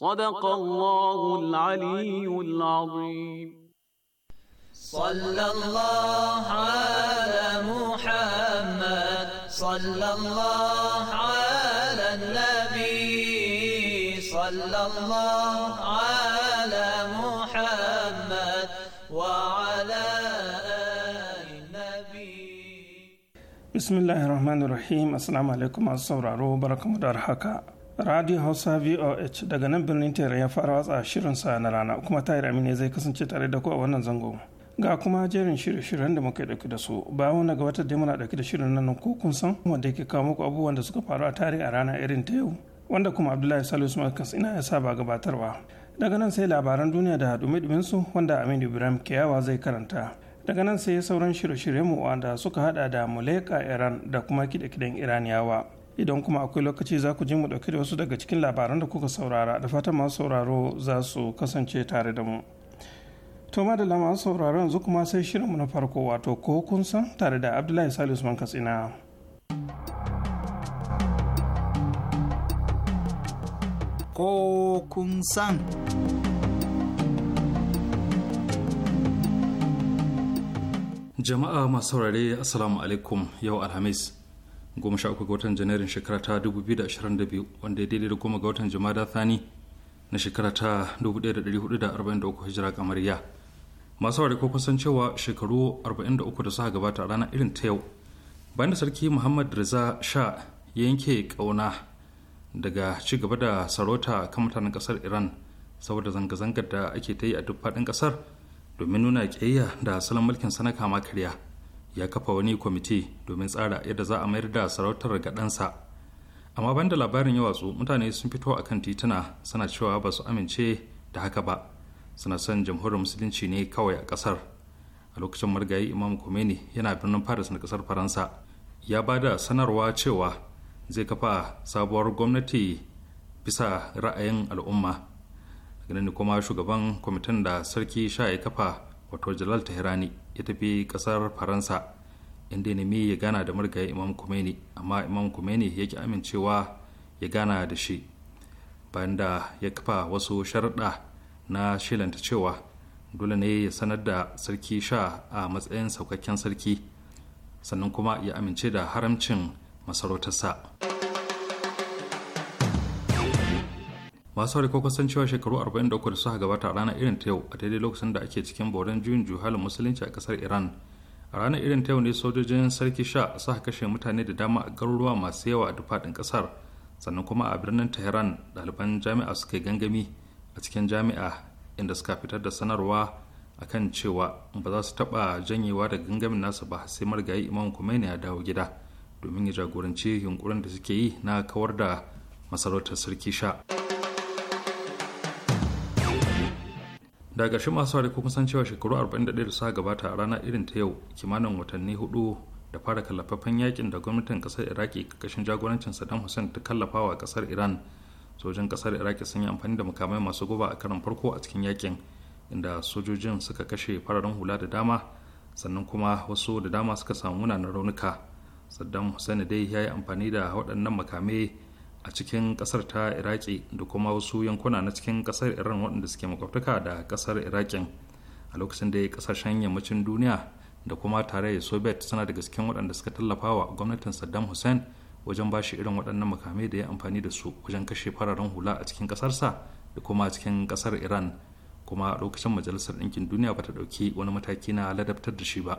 صدق الله العلي العظيم صلى الله على محمد صلى الله على النبي صلى الله على محمد وعلى آل النبي بسم الله الرحمن الرحيم السلام عليكم ورحمة الله وبركاته radio hausa voh daga nan birnin tera ya fara watsa shirinsa na rana kuma tahir amine zai kasance tare da ku a wannan zango ga kuma jerin shirye-shiryen da muka dauki da su bayan wani wata da muna dauki da shirin nan ko kun san wanda yake kawo muku abubuwan da suka faru a tarihi a rana irin ta yau wanda kuma abdullahi salisu makas ina ya ba gabatarwa daga nan sai labaran duniya da dumi su wanda aminu ibrahim kiyawa zai karanta daga nan sai sauran shirye-shiryen mu wanda suka hada da muleka iran da kuma kide-kiden iraniyawa idan kuma akwai lokaci za ku ji mu ɗauki da wasu daga cikin labaran da kuka saurara da fata masu sauraro za su kasance tare da mu to ma da lama sauraro yanzu kuma sai shirinmu na farko wato ko kun san tare da abdullahi salisu man katsina ko kun san jama'a masu saurare assalamu alaikum yau alhamis goma sha uku ga watan janairun shekara ta 2022 wanda ya daidai da goma ga watan jumada thani na shekara ta 1443 hijira kamariya masu ware ko kusan cewa shekaru 43 da suka gabata rana irin ta yau bayan da sarki muhammad riza sha yanke kauna daga ci gaba da sarauta kan mutanen kasar iran saboda zanga-zangar da ake ta yi a duk faɗin kasar domin nuna ƙiyayya da salon mulkin sana kama karya ya kafa wani kwamiti domin tsara yadda za a mayar da sarautar ga ɗansa amma banda labarin ya watsu mutane sun fito a kan tituna suna cewa ba su amince da haka ba suna son jamhuriyar musulunci ne kawai a ƙasar a lokacin margayi imam khomeini yana birnin paris na ƙasar faransa ya ba da sanarwa cewa zai kafa sabuwar gwamnati bisa ra'ayin al'umma daga kuma shugaban kwamitin da sarki sha ya kafa wato jalal tahrani ya tafi kasar faransa inda nemi ya gana da marigayi imam kumeni amma imam kumeni ya ki amincewa ya gana da shi bayan da ya kafa wasu sharaɗa na shilanta cewa dole ne ya sanar da sarki sha a matsayin saukakken sarki sannan kuma ya amince da haramcin masarautarsa. masu hari ko kasancewa shekaru 43 da suka gabata a ranar irin ta yau a daidai lokacin da ake cikin boran juyin juhalin musulunci a kasar iran a ranar irin ta yau ne sojojin sarki sha suka kashe mutane da dama a garuruwa masu yawa a dufaɗin kasar sannan kuma a birnin tehran ɗaliban jami'a suka yi gangami a cikin jami'a inda suka fitar da sanarwa kan cewa ba za su taɓa janyewa da gangamin nasu ba sai marigayi imam Khomeini ya dawo gida domin ya jagoranci yunkurin da suke yi na kawar da masarautar sarki sha. da ƙarshe masu ware kuma san cewa shekaru 41 da suka gabata a rana irin ta yau kimanin watanni hudu da fara kallafaffen yakin da gwamnatin kasar iraki kakashin jagorancin saddam hussein ta kallafawa kasar iran sojin kasar iraki sun yi amfani da makamai masu guba a karan farko a cikin yakin inda sojojin suka kashe fararen hula da dama sannan kuma wasu da dama suka samu munanan raunuka saddam hussein dai ya yi amfani da waɗannan makamai a cikin kasar ta iraki da kuma wasu yankuna na cikin kasar iran waɗanda suke makwabtaka da kasar irakin a lokacin da kasashen yammacin duniya da kuma tarayyar soviet suna daga cikin waɗanda suka tallafa wa gwamnatin saddam hussein wajen ba shi irin waɗannan makamai da ya amfani da su wajen kashe fararen hula a cikin kasarsa da kuma a cikin kasar iran kuma a lokacin majalisar ɗinkin duniya ba ta ɗauki wani mataki na ladabtar da shi ba.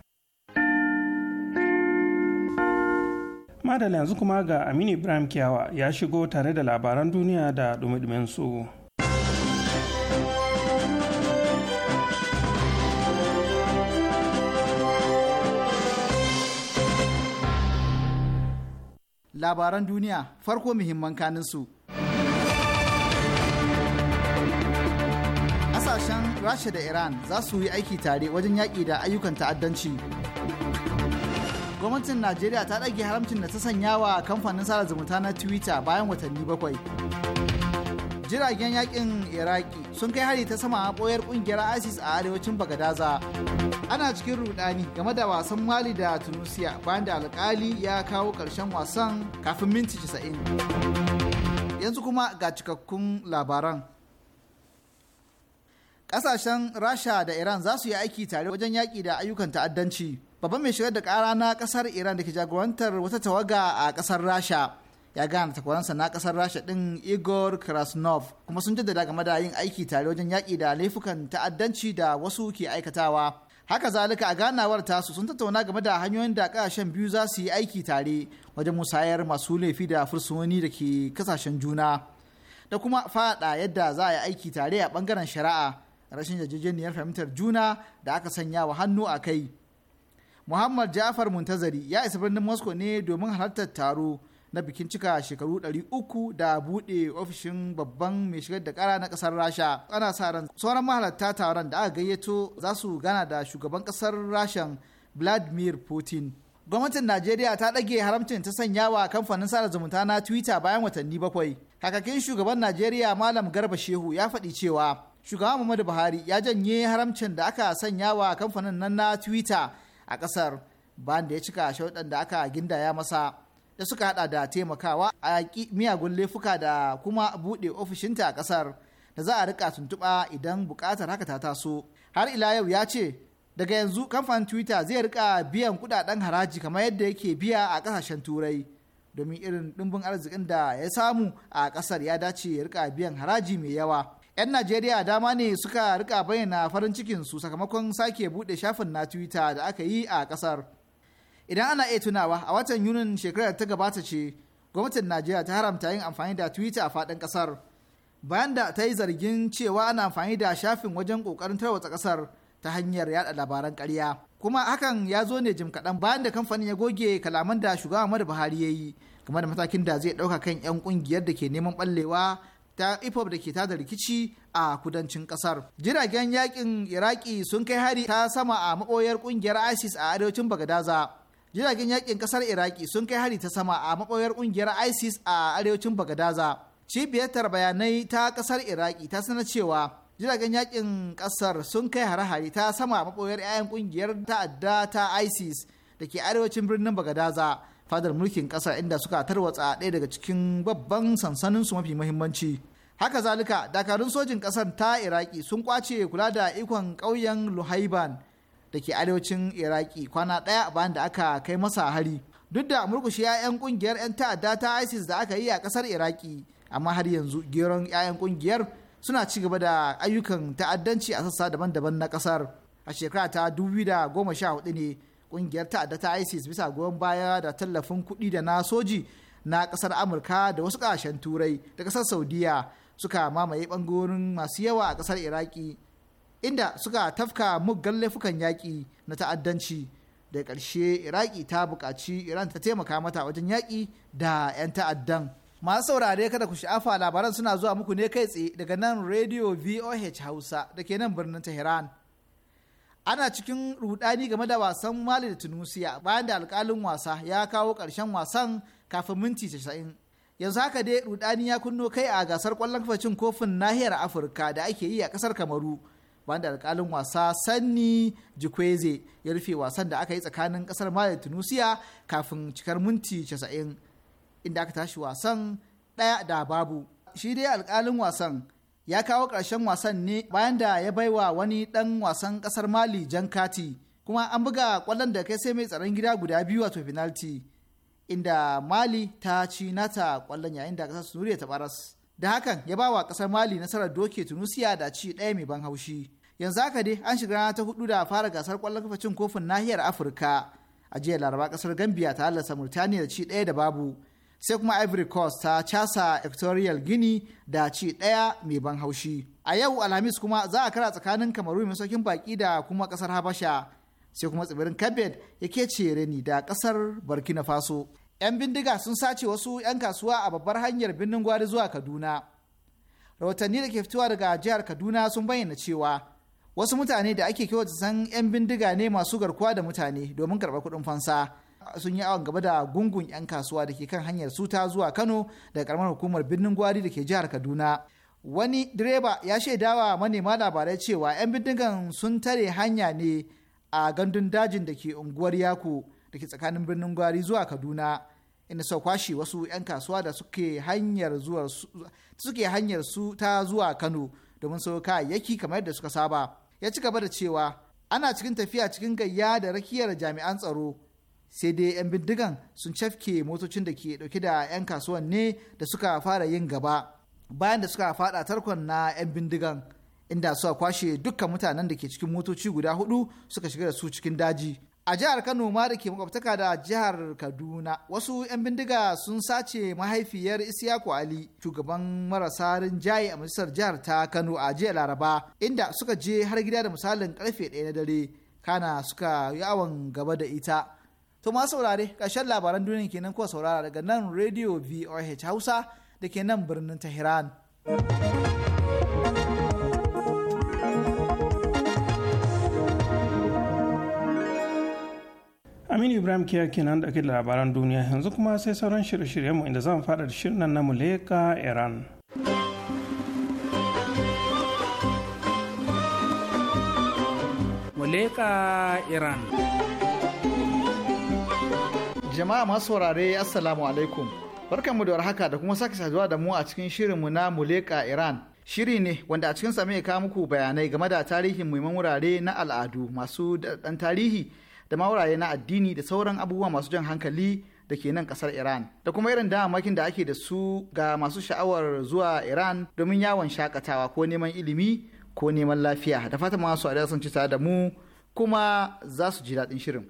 madala yanzu kuma ga aminu ibrahim kiyawa ya shigo tare da labaran duniya da dumi su. labaran duniya farko muhimman kaninsu. Ƙasashen Rasha da Iran za su yi aiki tare wajen yaƙi da ayyukan ta'addanci. gwamnatin najeriya ta ɗage haramcin da ta sanya wa kamfanin sada zumunta na twitter bayan watanni bakwai jiragen yakin iraki sun kai hari ta sama a ɓoyar ƙungiyar isis a arewacin bagadaza ana cikin rudani game da wasan mali da tunisia bayan da alkali ya kawo ƙarshen wasan kafin minti 90 yanzu kuma ga cikakkun labaran ƙasashen rasha da iran za su yi aiki tare wajen yaƙi da ayyukan ta'addanci babban mai shigar da kara na kasar iran da ke jagorantar wata tawaga a kasar rasha ya gane takwaransa na kasar rasha din igor krasnov kuma sun jaddada game da yin aiki tare wajen yaƙi da laifukan ta'addanci da wasu ke aikatawa haka zalika a ganawar tasu sun tattauna game da hanyoyin da kasashen biyu za su yi aiki tare wajen musayar masu laifi da fursunoni da ke kasashen juna da kuma faɗa yadda za a yi aiki tare a bangaren shari'a rashin yarjejeniyar fahimtar juna da aka sanya wa hannu a kai muhammad jafar muntazari ya isa birnin moscow ne domin halartar taro na bikin cika shekaru 300 da buɗe ofishin babban mai shigar da kara na kasar rasha ana sa ran sauran mahalarta taron da aka gayyato za su gana da shugaban ƙasar rashan vladimir putin gwamnatin najeriya ta ɗage haramcin ta sanya wa kamfanin sada zumunta na twitter bayan watanni bakwai kakakin shugaban najeriya malam garba shehu ya faɗi cewa shugaban muhammadu buhari ya janye haramcin da aka sanya wa kamfanin nan na twitter a ƙasar bayan da ya cika shauɗan da aka gindaya masa da suka hada da taimakawa a yaƙi miyagun laifuka da kuma buɗe ofishinta a ƙasar da za a rika tuntuɓa idan buƙatar haka ta taso har ila yau ya ce daga yanzu kamfanin twitter zai rika biyan kuɗaɗen haraji kamar yadda yake biya a ƙasashen turai domin irin ɗimbin arzikin da ya samu a ƙasar ya dace ya rika biyan haraji mai yawa 'yan najeriya dama ne suka rika bayyana farin cikin su sakamakon sake bude shafin na twitter da aka yi a ƙasar idan ana iya tunawa a watan yunin shekarar ta gabata ce gwamnatin najeriya ta haramta yin amfani da twitter a fadin ƙasar bayan da ta yi zargin cewa ana amfani da shafin wajen kokarin tarwatsa ƙasar ta hanyar yada labaran karya. kuma hakan ya zo ne jim kaɗan bayan da kamfanin ya goge kalaman da shugaba Muhammadu Buhari ya yi game da matakin da zai ɗauka kan 'yan ƙungiyar da ke neman ɓallewa ta ifop da ke ta da rikici a kudancin kasar jiragen yakin iraki sun kai hari ta sama a maboyar kungiyar isis a arewacin bagadaza jiragen yakin kasar iraki sun kai hari ta sama a maboyar kungiyar isis a arewacin bagadaza cibiyar bayanai ta kasar iraki ta sanar cewa jiragen yakin kasar sun kai hare-hare ta sama a maboyar 'ya'yan kungiyar ta'adda ta isis da ke arewacin birnin bagadaza fadar mulkin kasa inda suka tarwatsa ɗaya daga cikin babban sansanin su mafi muhimmanci haka zalika dakarun sojin ƙasar ta iraki sun kwace kula da ikon ƙauyen luhaiban da ke arewacin iraki kwana ɗaya bayan da aka kai masa hari duk da murkushe 'ya'yan ƙungiyar 'yan ta'adda ta isis da aka yi a ƙasar iraki amma har yanzu geron 'ya'yan ƙungiyar suna ci gaba da ayyukan ta'addanci a sassa daban-daban na ƙasar a shekara ta hudu ne kungiyar ta'adda ta isis bisa goyon baya da tallafin kuɗi da na soji na ƙasar amurka da wasu ƙasashen turai da ƙasar saudiya suka mamaye ɓangarorin masu yawa a ƙasar iraki inda suka tafka muggan laifukan yaƙi na ta'addanci da ƙarshe iraki ta buƙaci iran ta taimaka mata wajen yaƙi da 'yan ta'addan masu saurare kada ku sha'afa labaran suna zuwa muku ne kai tsaye daga nan radio voh hausa da ke nan birnin tehran ana cikin rudani game da wasan mali da tunisia bayan da alkalin wasa ya kawo karshen wasan kafin minti 90 yanzu haka dai rudani ya kunno kai a gasar kwallon kafacin kofin nahiyar afirka da ake yi a kasar kamaru bayan da alkalin wasa sanni jikweze ya rufe wasan da aka yi tsakanin kasar mali da tunisia kafin cikar minti 90 inda aka tashi wasan ɗaya da babu shi dai alkalin wasan ya kawo ƙarshen wasan ne bayan da ya baiwa wani ɗan wasan ƙasar mali jan kati kuma an buga ƙwallon da kai sai mai tsaron gida guda biyu wato finalti inda mali ta ci nata ƙwallon yayin da ƙasar sunuriya ta baras da hakan ya ba wa ƙasar mali nasarar doke tunusiya da ci ɗaya mai ban haushi yanzu haka dai an shiga rana ta hudu da fara gasar ƙwallon kafa cin kofin nahiyar afirka a jiya laraba ƙasar gambia ta halasta murtaniya da ci ɗaya da babu sai kuma ivory coast ta casa equatorial guinea da ci ɗaya mai ban haushi a yau alhamis kuma za a kara tsakanin kamaru mai saukin baki da kuma kasar habasha sai kuma tsibirin kabed yake cere ni da kasar burkina faso 'yan bindiga sun sace wasu 'yan kasuwa a babbar hanyar birnin gwari zuwa kaduna rahotanni da ke fitowa daga jihar kaduna sun bayyana cewa wasu mutane da ake kyauta san 'yan bindiga ne masu garkuwa da mutane domin karɓar kuɗin fansa sun yi awon gaba da gungun 'yan kasuwa da ke kan hanyar suta zuwa kano da karamar hukumar birnin gwari da ke jihar kaduna wani direba ya shaidawa manema labarai cewa 'yan bindigan sun tare hanya ne a gandun dajin da ke unguwar yako da ke tsakanin birnin gwari zuwa kaduna inda sau kwashe wasu 'yan kasuwa da suke hanyar suke hanyar su ta zuwa kano domin sau kayayyaki kamar yadda suka saba ya ci gaba da cewa ana cikin tafiya cikin gayya da rakiyar jami'an tsaro sai dai 'yan bindigan sun cafke motocin da ke dauke da 'yan kasuwan ne da suka fara yin gaba bayan da suka fada tarkon na 'yan bindigan inda suka kwashe dukkan mutanen da ke cikin motoci guda hudu suka shiga da su cikin daji a jihar kano ma da ke makwabtaka da jihar kaduna wasu 'yan bindiga sun sace mahaifiyar isiyaku ali shugaban marasa rinjaye a majalisar jihar ta kano a jiya laraba inda suka je har gida da misalin karfe ɗaya na dare kana suka yawon gaba da ita To ma saurare ƙarshen labaran duniya kenan kuwa saurara daga nan Radio VOH Hausa da ke nan birnin Tehran. Aminu Ibrahim Kiyar kenan da ake labaran duniya yanzu kuma sai sauran shirye mu inda zan fada da shirin nan na Muleka Iran. Muleka Iran. Jama'a masu saurare Assalamu alaikum. mu da warhaka da kuma sake saduwa da mu a cikin shirinmu na Muleka Iran. Shiri ne wanda a cikin mai kawo muku bayanai game da tarihin muhimman wurare na al'adu masu dan tarihi da ma wurare na addini da sauran abubuwa masu jan hankali da ke nan kasar Iran. Da kuma irin damamakin da ake da su ga masu sha'awar zuwa Iran domin yawon shakatawa ko neman ilimi ko neman lafiya. Da fata masu a da mu kuma za su ji daɗin shirin.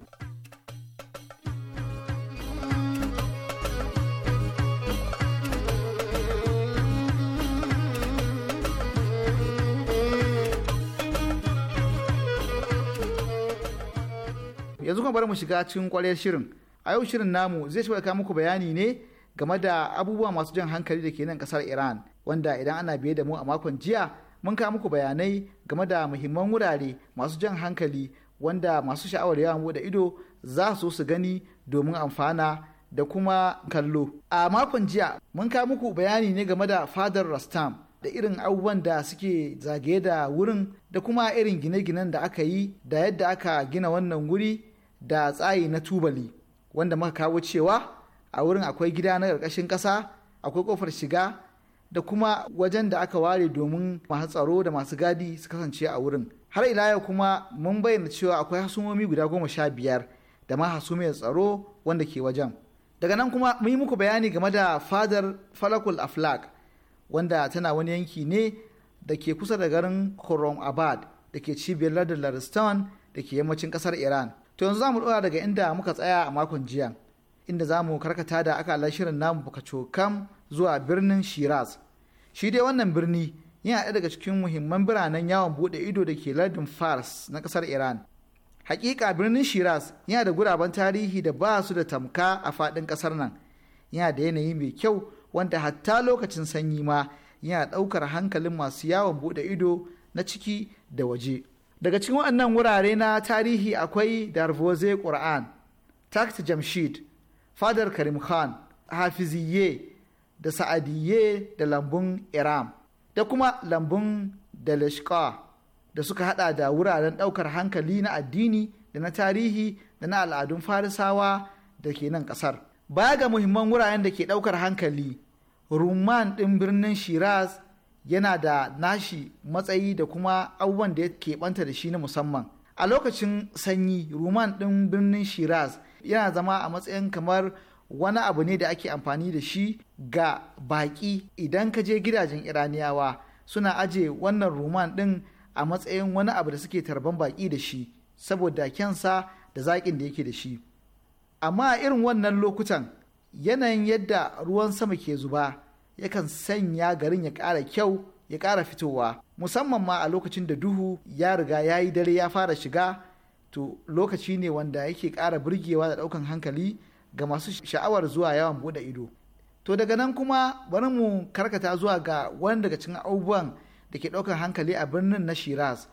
yanzu kuma bari mu shiga cikin kwarar shirin a yau shirin namu zai shiga muku bayani ne game da abubuwa masu jan hankali da ke nan kasar iran wanda idan ana biye da mu a makon jiya mun kawo muku bayanai game da muhimman wurare masu jan hankali wanda masu sha'awar yawan da ido za su su gani domin amfana da kuma kallo a makon jiya mun kawo muku bayani ne game da fadar rastam da irin abubuwan da suke zagaye da wurin da kuma irin gine-ginen da aka yi da yadda aka gina wannan wuri da tsayi na tubali wanda muka kawo cewa a wurin akwai gida na ƙarƙashin ƙasa akwai ƙofar shiga da kuma wajen da aka ware domin masu tsaro da masu gadi su kasance a wurin har ila yau kuma mun bayyana cewa akwai hasumomi guda goma sha biyar da ma hasumiyar tsaro wanda ke wajen daga nan kuma mun yi muku bayani game da fadar falakul aflak wanda tana wani yanki ne da ke kusa da garin korom abad da ke cibiyar ladar laristan da ke yammacin kasar iran to yanzu za mu ɗora daga inda muka tsaya a makon jiya inda za mu karkata da aka shirin namu cokam zuwa birnin shiraz shi dai wannan birni yana ɗaya daga cikin muhimman biranen yawon buɗe ido da ke lardin fars na ƙasar iran hakika birnin shiraz yana da guraben tarihi da ba su da tamka a faɗin ƙasar nan yana da yanayi mai kyau wanda hatta lokacin sanyi ma yana ɗaukar hankalin masu yawon buɗe ido na ciki da waje. daga cikin waɗannan wurare na tarihi akwai darvoze ƙur'an takt jamshid fadar karim khan hafiziye da sa'adiyye da lambun iram da kuma lambun dalashka da suka hada da wuraren ɗaukar hankali na addini da na tarihi da na al'adun farisawa da ke nan ƙasar baya ga muhimman wuraren da ke ɗaukar hankali rumman ɗin birnin shiraz yana da nashi matsayi da kuma abubuwan da ya keɓanta da shi na musamman a lokacin sanyi ruman ɗin birnin shiraz yana zama a matsayin kamar wani abu ne da ake amfani da shi ga baƙi idan ka je gidajen iraniyawa suna aje wannan ruman ɗin a matsayin wani abu da suke tarban baƙi da shi saboda kyansa da zaƙin da yake da shi amma irin wannan lokutan yanayin yadda ruwan sama ke zuba yakan sanya garin ya ƙara kyau ya ƙara fitowa musamman ma a lokacin da duhu ya riga ya yi dare ya fara shiga to lokaci ne wanda yake ƙara burgewa da ɗaukan hankali ga masu sha'awar zuwa yawan buɗe ido to daga nan kuma bari mu karkata zuwa ga wani daga cikin abubuwan da ke ɗaukar hankali a birnin na shiraz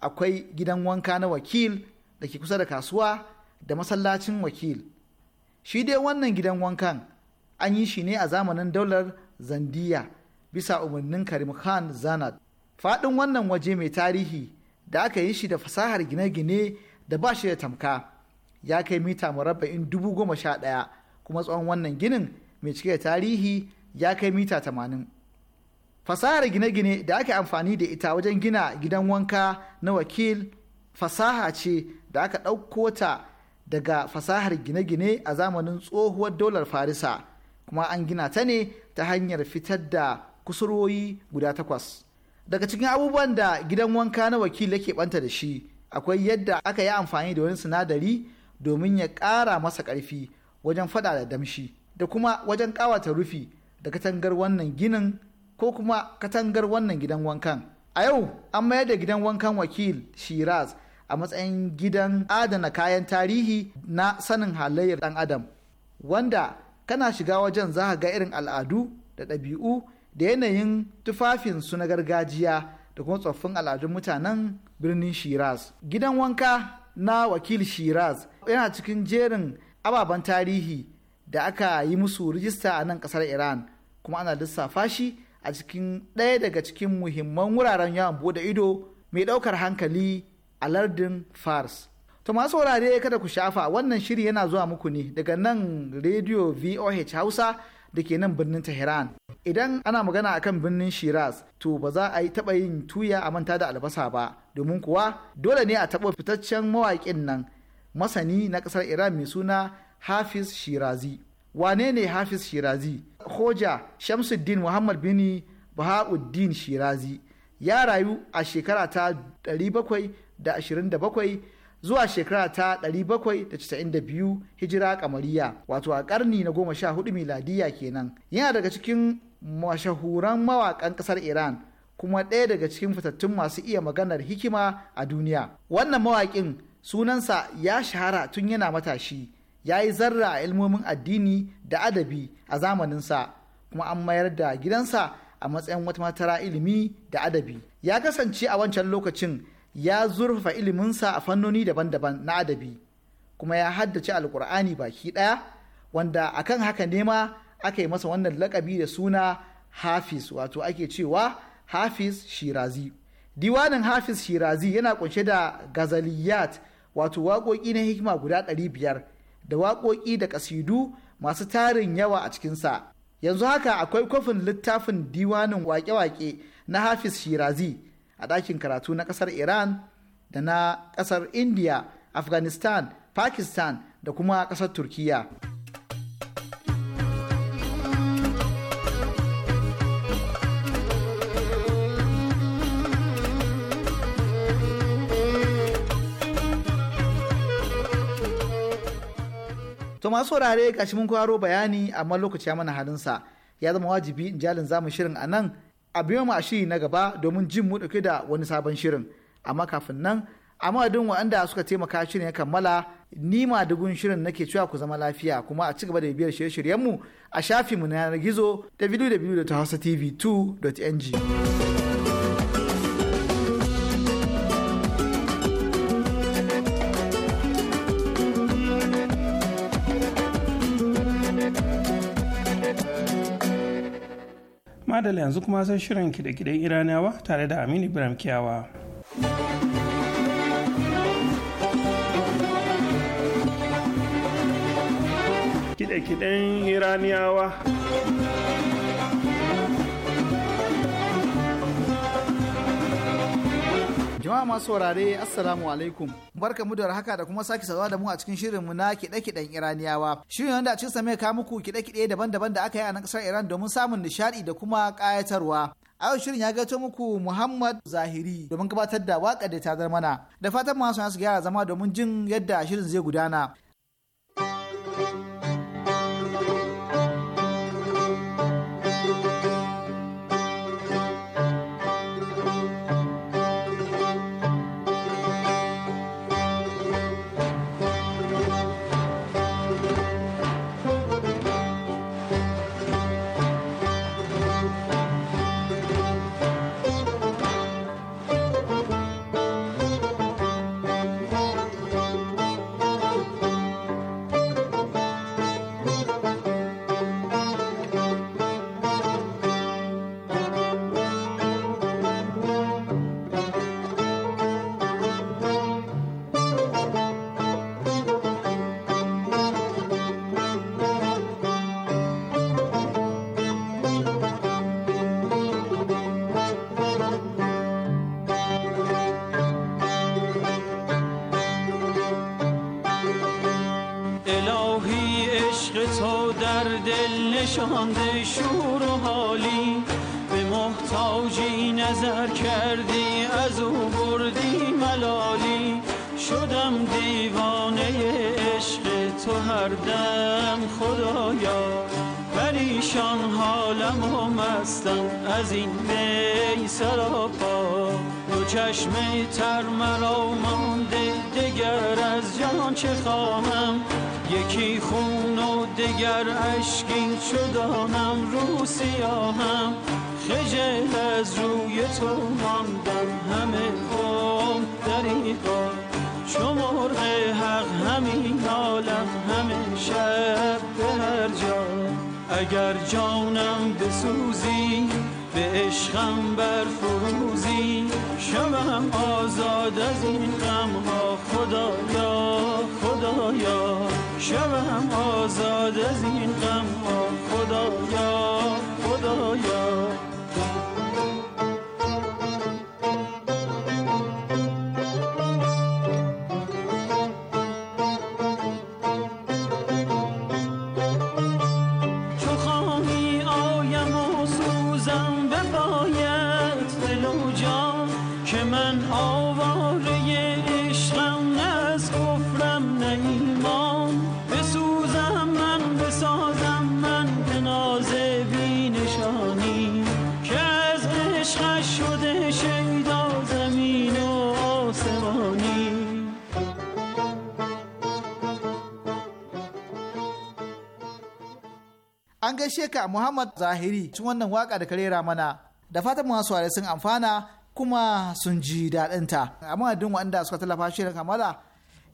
akwai gidan wanka na wakil da ke kusa da kasuwa da masallacin wakil shi dai wannan gidan wankan an yi shi ne a zamanin daular zandiya bisa umarnin karim khan zanat faɗin wannan waje mai tarihi da aka yi shi da fasahar gine-gine da ba shi da tamka ya kai mita murabba'in dubu goma sha ɗaya kuma tsawon wannan ginin mai cike da tarihi ya kai mita tamanin fasahar gine-gine da aka amfani da ita wajen gina gidan wanka na wakil fasaha ce da aka ɗauko ta daga fasahar gine-gine a zamanin tsohuwar dolar farisa kuma an gina ta ne ta hanyar fitar da kusurwoyi guda takwas daga cikin abubuwan da gidan wanka na wakil yake banta da shi akwai yadda aka yi amfani da wani sinadari domin ya ƙara masa karfi wajen fada da damshi da kuma wajen ƙawata rufi da katangar wannan ginin ko kuma katangar wannan gidan wankan a yau an mayar da gidan wankan wakil shiraz a matsayin gidan adana kayan tarihi na sanin halayyar dan adam wanda kana shiga wajen za ga irin al'adu da ɗabi'u da yanayin tufafinsu na gargajiya da kuma tsoffin al'adun mutanen birnin shiraz gidan wanka na wakil shiraz yana cikin jerin ababen tarihi da aka yi musu rijista a nan ƙasar iran kuma ana lissafa shi a cikin ɗaya daga cikin muhimman wuraren yawon bude ido mai ɗaukar hankali a lardin fars To masu saurare kada ku shafa wannan shiri yana zuwa muku ne daga nan Radio VOH Hausa da ke nan birnin Tehran. Idan ana magana akan birnin Shiraz to ba za a yi taɓa yin tuya a manta da albasa ba domin kuwa dole ne a taɓa fitaccen mawaƙin nan masani na ƙasar Iran mai suna Hafiz Shirazi. Wane ne Hafiz Shirazi? Hoja Shamsuddin Muhammad Bini Bahauddin Shirazi ya rayu a shekara ta 727 zuwa shekara ta 792 hijira kamariya wato a karni na 14 miladiya kenan yana daga cikin mashahuran mawakan kasar iran kuma ɗaya daga cikin fitattun masu iya maganar hikima a duniya wannan mawaƙin sunansa ya shahara tun yana matashi ya yi zarra a ilmomin addini da adabi a zamaninsa kuma an mayar da gidansa a matsayin wata matara ilimi da adabi ya kasance a wancan lokacin ya zurfafa iliminsa a fannoni daban-daban na adabi kuma ya haddace alkur'ani baki ɗaya wanda akan haka nema aka yi masa wannan lakabi da suna hafiz wato ake cewa hafiz shirazi diwanin hafiz shirazi yana kunshe da gazaliyat wato waƙoƙi na hikima guda ɗari biyar da waƙoƙi da ƙasidu masu tarin yawa a cikinsa yanzu haka akwai kwafin littafin diwanin waƙe-waƙe na hafiz shirazi a ɗakin karatu na ƙasar iran da na ƙasar india afghanistan pakistan da kuma ƙasar turkiya To masu saurare gashi mun kwaro bayani amma lokaci ya mana halinsa ya zama wajibi in jalin zamu shirin a nan a biyo mu a shiri na gaba domin jin mu dauke da wani sabon shirin amma kafin nan a madadin waɗanda suka taimaka shirin ya kammala ni ma dugun shirin nake cewa ku zama lafiya kuma a ci gaba da biyar shirye-shiryenmu a mu na yanar gizo www.hausatv2.ng. adala yanzu kuma san shirin kide-kiden iraniyawa tare da aminu ibrahim kiyawa kide-kiden iraniyawa Jama'a masu saurare Assalamu alaikum. Barka mu da haka da kuma sake sazuwa da mu a cikin shirin mu na kiɗe-kiɗen Iraniyawa. Shirin wanda a cikin sa ka muku kiɗe-kiɗe daban-daban da aka yi a nan ƙasar Iran domin samun nishaɗi da kuma ƙayatarwa. A yau shirin ya gato muku Muhammad Zahiri domin gabatar da waƙar da ta mana. Da fatan masu su gyara zama domin jin yadda shirin zai gudana. شانده شور و حالی به محتاجی نظر کردی از او بردی ملالی شدم دیوانه عشق تو هر دم خدایا پریشان حالم و مستم از این می سراپا دو چشم تر مرا مانده دگر از جهان چه خواهم یکی خون و دگر اشکین شدانم رو سیاهم خجل از روی تو ماندم همه عمر دریقا چو مرغ حق همین عالم همه شب به هر جا اگر جانم بسوزی به عشقم برفروزی شوم آزاد از این غم ها خدایا خدایا شوم آزاد از این غم ها خدایا gaishe ka Muhammad Zahiri cikin wannan waka da karera mana. Da fatan masu ware sun amfana kuma sun ji daɗinta. Amma duk wanda suka tallafa shirin kamala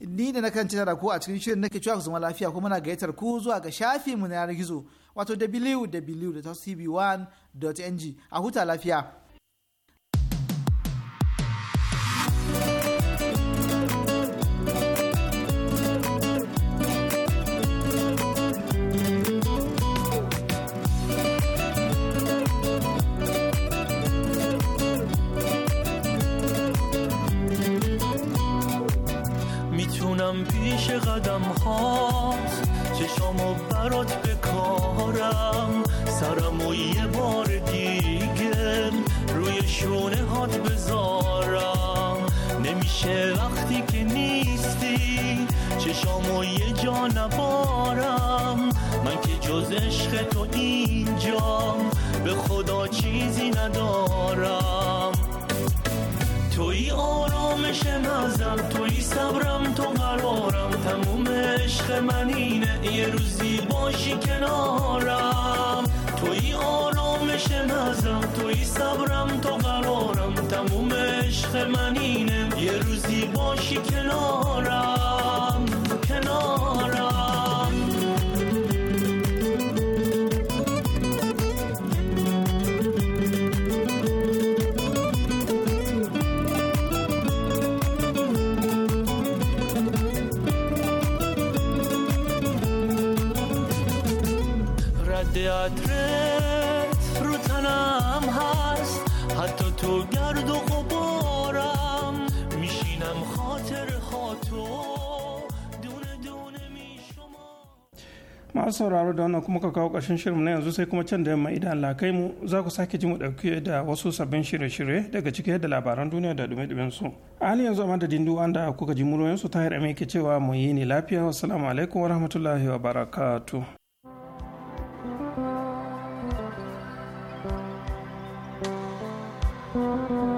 ni da nakan ci da ku a cikin shirin nake cewa ku zama lafiya kuma na gayyatar ku zuwa ga shafi mu na yanar gizo wato www.tv1.ng a huta lafiya. عشق من اینه یه روزی باشی کنارم کنارم sauraro da wannan kuma ka kawo ƙarshen shirin na yanzu sai kuma can da yamma idan Allah kai mu za ku sake ji mu ɗauke da wasu sabbin shirye-shirye daga cike da labaran duniya da dumi-dumin su. A halin yanzu a madadin duk wanda kuka ji muryoyin su tahir ame ke cewa mu yi ne lafiya salamu alaikum wa rahmatullahi wa barakatu. thank you